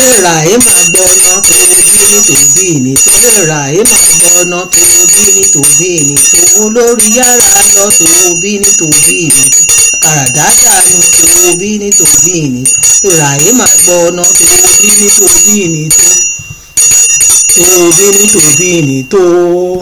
torí rahima gbọ́ná tó bí ní tòbí ní torí rahima gbọ́ná tó bí ní tòbí ní tòun lórí yàrá lọ tòun bí ní tòbí ní kàràdá dànù tòun bí ní tòbí ní torí rahima gbọ́ná tòun bí ní tòbí ní tòun bí ní tòbí ní tòun.